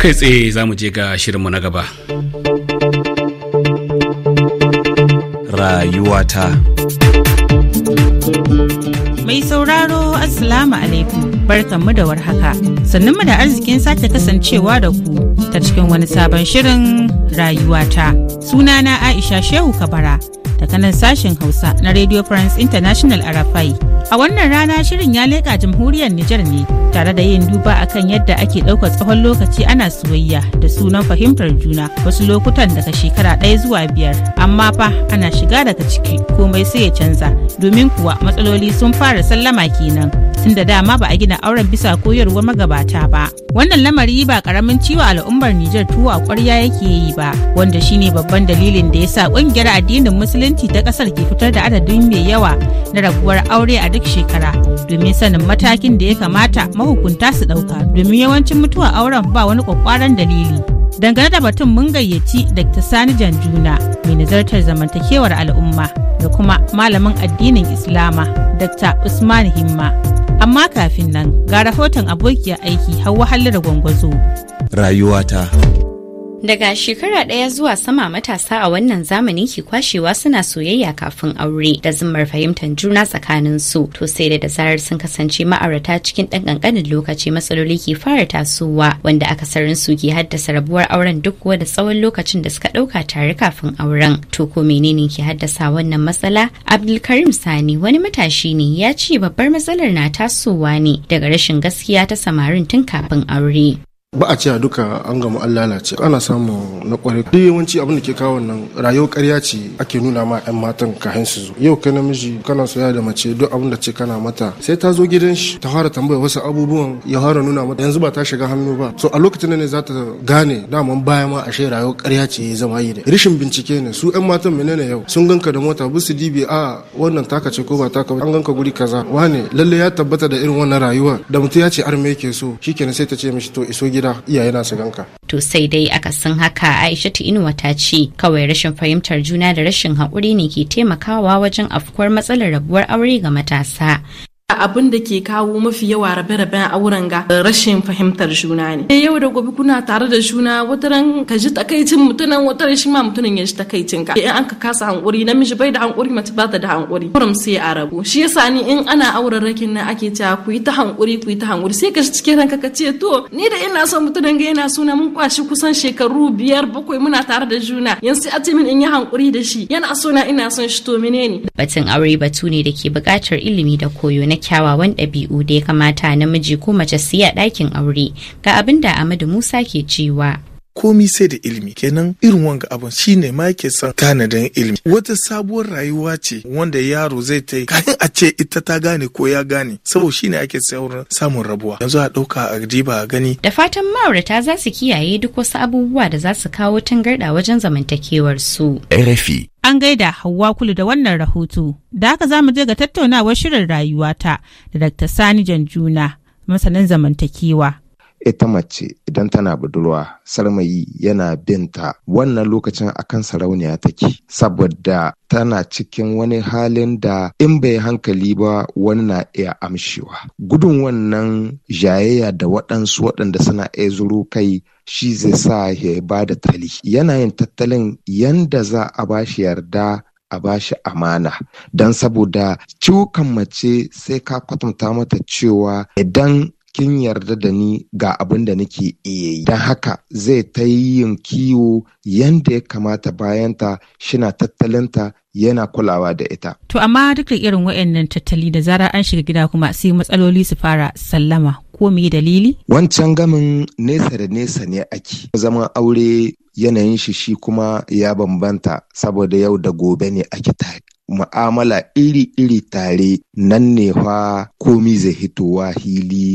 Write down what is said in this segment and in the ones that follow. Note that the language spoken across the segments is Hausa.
kai tsaye za mu je ga shirinmu na gaba rayuwata mai sauraro assalamu alaikum barkanmu da warhaka sannunmu da arzikin sake kasancewa da ku ta cikin wani sabon shirin rayuwata sunana aisha shehu kabara daga nan sashen Hausa na Radio France International a Rafai. A wannan rana shirin ya leƙa jamhuriyar Nijar ne tare da yin duba akan yadda ake ɗaukar tsawon lokaci ana soyayya da sunan fahimtar juna wasu lokutan daga shekara ɗaya zuwa biyar amma fa ana shiga daga ciki komai sai ya canza domin kuwa matsaloli sun fara sallama kenan tunda dama ba a gina auren bisa koyarwar magabata ba. Wannan lamari ba karamin ciwo al'ummar Nijar tuwo a ƙwarya yake yi ba wanda shine babban dalilin da ya sa ƙungiyar addinin Musulunci gwamnati ta kasar ke fitar da adadin mai yawa na raguwar aure a duk shekara domin sanin matakin da ya kamata mahukunta su ɗauka domin yawancin mutuwa auren ba wani kwakwaran dalili. Dangane da batun mun gayyaci Dr. Sani Janjuna mai nazartar zamantakewar al'umma da kuma malamin addinin Islama Dr. Usman Himma. Amma kafin nan ga rahoton abokiyar aiki Hauwa da Gwangwazo. Rayuwata Daga shekara ɗaya zuwa sama matasa a wannan zamani ke kwashewa suna soyayya kafin aure da zimmar fahimtar juna tsakanin su to sai da zarar sun kasance ma'aurata cikin ɗan ƙanƙanin lokaci matsaloli ke fara tasowa wanda akasarin su ke haddasa rabuwar auren duk da tsawon lokacin da suka ɗauka tare kafin auren to ko menene ke haddasa wannan matsala Abdulkarim Sani wani matashi ne ya ce babbar matsalar na tasowa ne daga rashin gaskiya ta samarin tun kafin aure. ba a cewa duka an gamu an lalace ana samu na kwarai duk yawanci abin da ke kawo nan rayuwar karya ce ake nuna ma yan matan kahin su zo yau kai namiji kana soya da mace duk abin da ce kana mata sai ta zo gidan shi ta fara tambaya wasu abubuwan ya fara nuna mata yanzu ba ta shiga hannu ba so a lokacin ne za ta gane daman baya ma ashe rayuwar karya ce ya zama yi da rishin bincike ne su yan matan menene yau sun ganka da mota busu dibi a wannan taka ce ko ba taka an ganka guri kaza wane lalle ya tabbata da irin wannan rayuwa da mutum ya ce arme yake so shikenan sai ta ce mishi to iso gida iyaye na su ganka to sai dai aka san haka aishatu inuwa ta ce kawai rashin fahimtar juna da rashin haƙuri ne ke taimakawa wajen afkuwar matsalar rabuwar aure ga matasa abin da ke kawo mafi yawa rabe-raben auren ga rashin fahimtar juna ne eh, yau da gobe kuna tare da juna wataran ka ji takaicin mutunan wataran shi ma mutunan ya ji takaicin ka in eh, an ka kasa hankuri na namiji bai da hankuri mace ba ta da hankuri kurum sai a rabu shi yasa ni in ana auren rakin na ake cewa ku yi ta hankuri ku yi ta hankuri sai ka ji cikin ranka ka ce to ni da ina son mutunan ga yana suna mun kwashi kusan shekaru biyar bakwai muna tare da juna yanzu a ce min in yi hankuri da shi yana sona ina son shi to menene batun aure batu ne da ke buƙatar ilimi da koyo na kyawawan ɗabi'u da ya kamata namiji ko mace siya yi ɗakin aure ga abin da Amadu Musa ke cewa. komi sai da ilimi kenan irin wanga abin shine ma yake son tanadin ilimi wata sabuwar rayuwa ce wanda yaro zai ta yi kayan a ce ita ta gane ko ya gane saboda shine ake saurin samun rabuwa yanzu a ɗauka a riba a gani da fatan ma'aurata za su kiyaye duk wasu abubuwa da za su kawo tangarɗa wajen zamantakewar su RFI An gaida Hauwa Kulu da wannan rahoto. Da haka za mu je ga tattaunawar shirin rayuwata da Dr. Sani Janjuna, masanin zamantakewa. ita mace idan tana budurwa sarmayi yana binta wannan lokacin akan sarauniya take saboda tana cikin wani halin da in bai hankali ba wani na iya amshewa gudun wannan jayayya da waɗansu waɗanda suna iya zuru kai shi zai sa ya ba da tali yana yin tattalin yanda za a bashi yarda a ba shi amana don saboda ciwukan mace sai ka kwatanta mata cewa idan kin yarda da ni ga abin da nake iya yi don haka zai ta yin kiwo yadda ya kamata bayanta shina tattalinta yana kulawa da ita. To amma duk da irin waɗannan tattali da zara an shiga gida kuma sai matsaloli su fara sallama ko me dalili? Wancan gamin nesa da nesa ne ake. Zaman aure yanayin shi shi kuma ya bambanta saboda yau da gobe ne ake tare. mu'amala iri-iri tare nan ne fa komi zai hitowa hili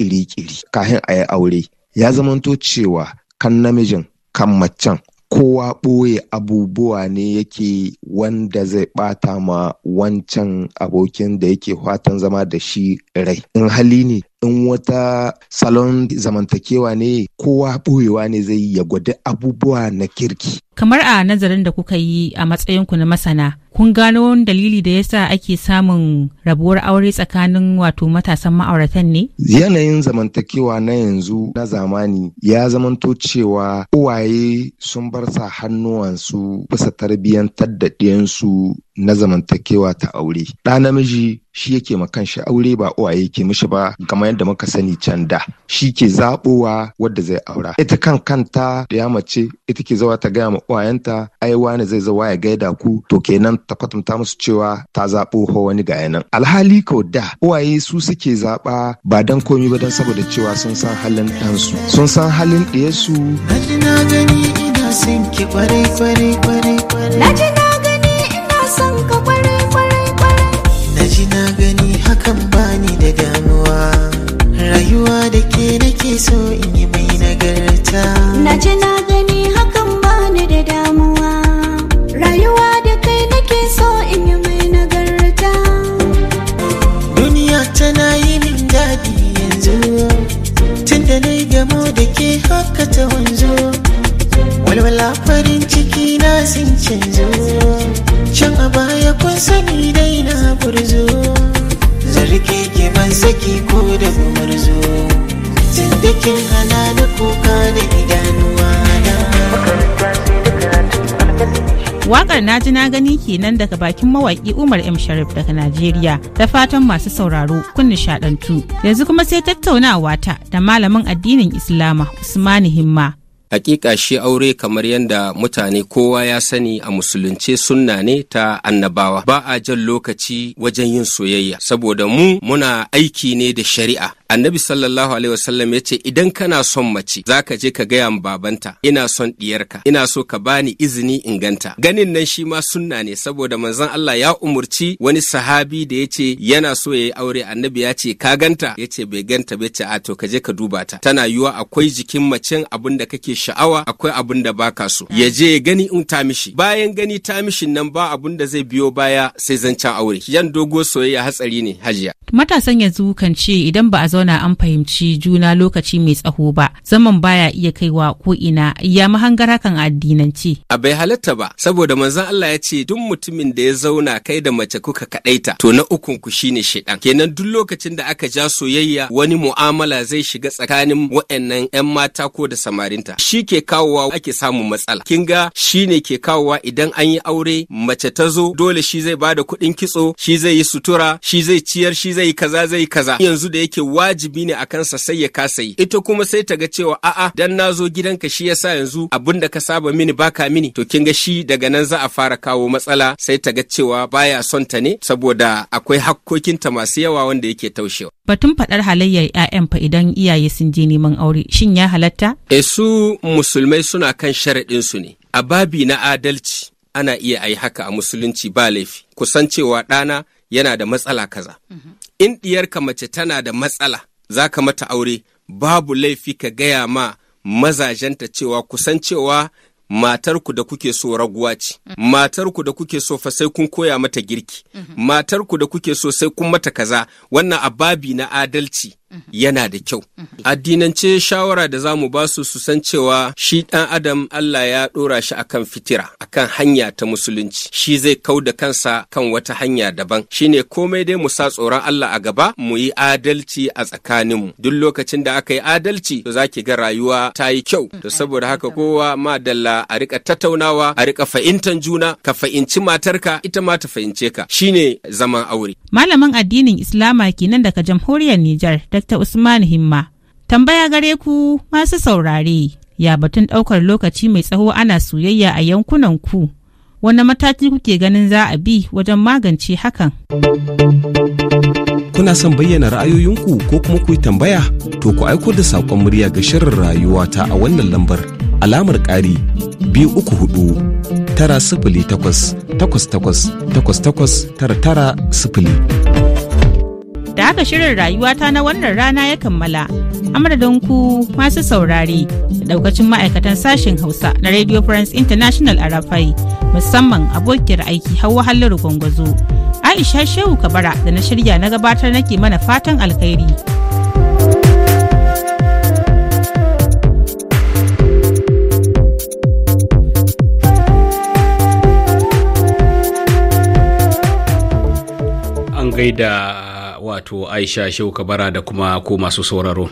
kiri-kiri kafin a yi aure ya zamanto cewa kan namijin kan macen kowa ɓoye abubuwa ne yake wanda zai ɓata ma wancan abokin da yake fatan zama da shi rai in hali ne in wata salon zamantakewa ne kowa ɓoyewa ne zai ya gwada abubuwa na kirki. Kamar a nazarin da kuka yi a matsayinku na masana, kun gano dalili da yasa ake samun rabuwar aure tsakanin wato matasan ma'auratan ne? Yanayin zamantakewa na yanzu na zamani ya zamanto cewa uwaye sun barsa hannuwansu bisa tarbiyyantar da ɗiyansu na zamantakewa ta aure ɗa namiji shi yake ma shi. aure ba uwaye yake mishi ba kamar yadda muka sani can da shi ke zaɓowa wadda zai aura ita kan kanta da ya mace ita ke zawa ta gaya ma uwayenta ai wani zai zawa ya gaida ku to kenan ta kwatanta musu cewa ta zaɓo ho wani ga nan alhali ko da uwaye su suke zaɓa ba dan komi ba dan saboda cewa sun san halin ɗansu sun san halin ɗiyarsu. Na gani ina kware kware kware tana yi min daɗi yanzu tunda na gamo da ke haka ta wanzu walwala farin ciki na sun canzo can a baya kun sani dai na burzo zarge ke ban saki ko da gumurzo tun da kin hana na kuka da idanu Wakar na ji na gani kenan daga bakin mawaki Umar M Sharif daga Najeriya ta fatan masu sauraro kun nishadantu. Yanzu kuma sai tattaunawa ta da malamin addinin Islama Usmani Himma hakika shi aure kamar yadda mutane kowa ya sani a musulunce sunna ne ta annabawa ba a jan lokaci wajen yin soyayya saboda mu muna aiki ne da shari'a annabi sallallahu alaihi wasallam ya ce idan kana son mace za ka je ka gaya mu babanta ina son diyarka ina so ka bani izini in ganta ganin nan shi ma sunna ne saboda manzon Allah ya umurci wani sahabi da ya ce yana so ya yi aure annabi ya ce ka ganta ya ce bai ganta ba ce a to ka je ka duba ta tana yiwa akwai jikin macen abinda kake sha'awa akwai abin da baka so ya je ya gani in ta mishi bayan gani ta mishi nan ba abin da zai biyo baya sai zancen aure yan dogo soyayya hatsari ne hajiya matasan yanzu kan ce idan ba a zauna an fahimci juna lokaci mai tsaho ba zaman baya iya kaiwa ko ina ya mahangara kan addinance a bai halatta ba saboda manzon Allah ya ce duk mutumin da ya zauna kai da mace kuka kadaita to na ukun ku shine shedan kenan duk lokacin da aka ja soyayya wani mu'amala zai shiga tsakanin waɗannan 'yan mata ko da samarinta shi ke kawowa ake samun matsala kin ga shi ne ke kawowa idan an yi aure mace ta zo dole shi zai bada kuɗin kitso shi zai yi sutura shi zai ciyar shi zai yi kaza zai yi kaza yanzu da yake wajibi ne a kansa sai ya kasa yi ita kuma sai ta ga cewa a'a dan na zo gidanka shi yasa yanzu abin da ka saba mini baka mini to kin ga shi daga nan za a fara kawo matsala sai ta ga cewa baya son ta ne saboda akwai hakkokinta masu yawa wanda yake taushewa batun faɗar halayyar 'ya'yan fa idan iyaye sun je neman aure shin ya halatta? E su musulmai suna kan sharaɗin su ne a babi na adalci ana iya ayi haka a musulunci ba laifi kusan cewa ɗana yana da matsala kaza mhm. in ɗiyarka mace tana da matsala za ka mata aure babu laifi ka gaya ma mazajenta cewa kusan cewa matarku da kuke so raguwa ce mhm. matarku da kuke so fa sai kun koya mata girki mhm. matarku da kuke so sai kun mata kaza wannan ababi na adalci yana da kyau. Addinance shawara da za mu ba su su san cewa shi ɗan adam Allah ya ɗora shi a kan fitira, akan hanya ta musulunci. Shi zai kau da kansa kan wata hanya daban. Shi ne komai dai mu sa tsoron Allah a gaba mu yi adalci a tsakaninmu. Duk lokacin da aka yi adalci to za ki ga rayuwa ta yi kyau. To saboda haka kowa ma dalla a riƙa tattaunawa, a riƙa fahimtar juna, ka fahimci matarka ita ma ta fahimce ka. shi ne zaman aure. Malamin addinin Islama kenan daga jamhuriyar Nijar Dr. Usman Himma. Tambaya gare ku masu saurare, ya batun ɗaukar lokaci mai tsawo ana soyayya a yankunan ku. Wane mataki kuke ganin za a bi wajen magance hakan? Kuna son bayyana ra'ayoyinku ko kuma ku tambaya? To ku aiko da saƙon murya ga shirin rayuwa ta a wannan lambar alamar ƙari biyu uku hudu tara sifili takwas takwas takwas takwas takwas tara tara sifili. da haka shirin rayuwata na wannan rana ya kammala a madadin ku masu saurare da daukacin ma'aikatan sashen hausa na radio france international a rafai musamman abokiyar aiki hawa halliru gwangwazo aisha shehu kabara da na shirya na gabatar nake mana fatan alkhairi gaida wato aisha shehu kabara da kuma ko masu sauraro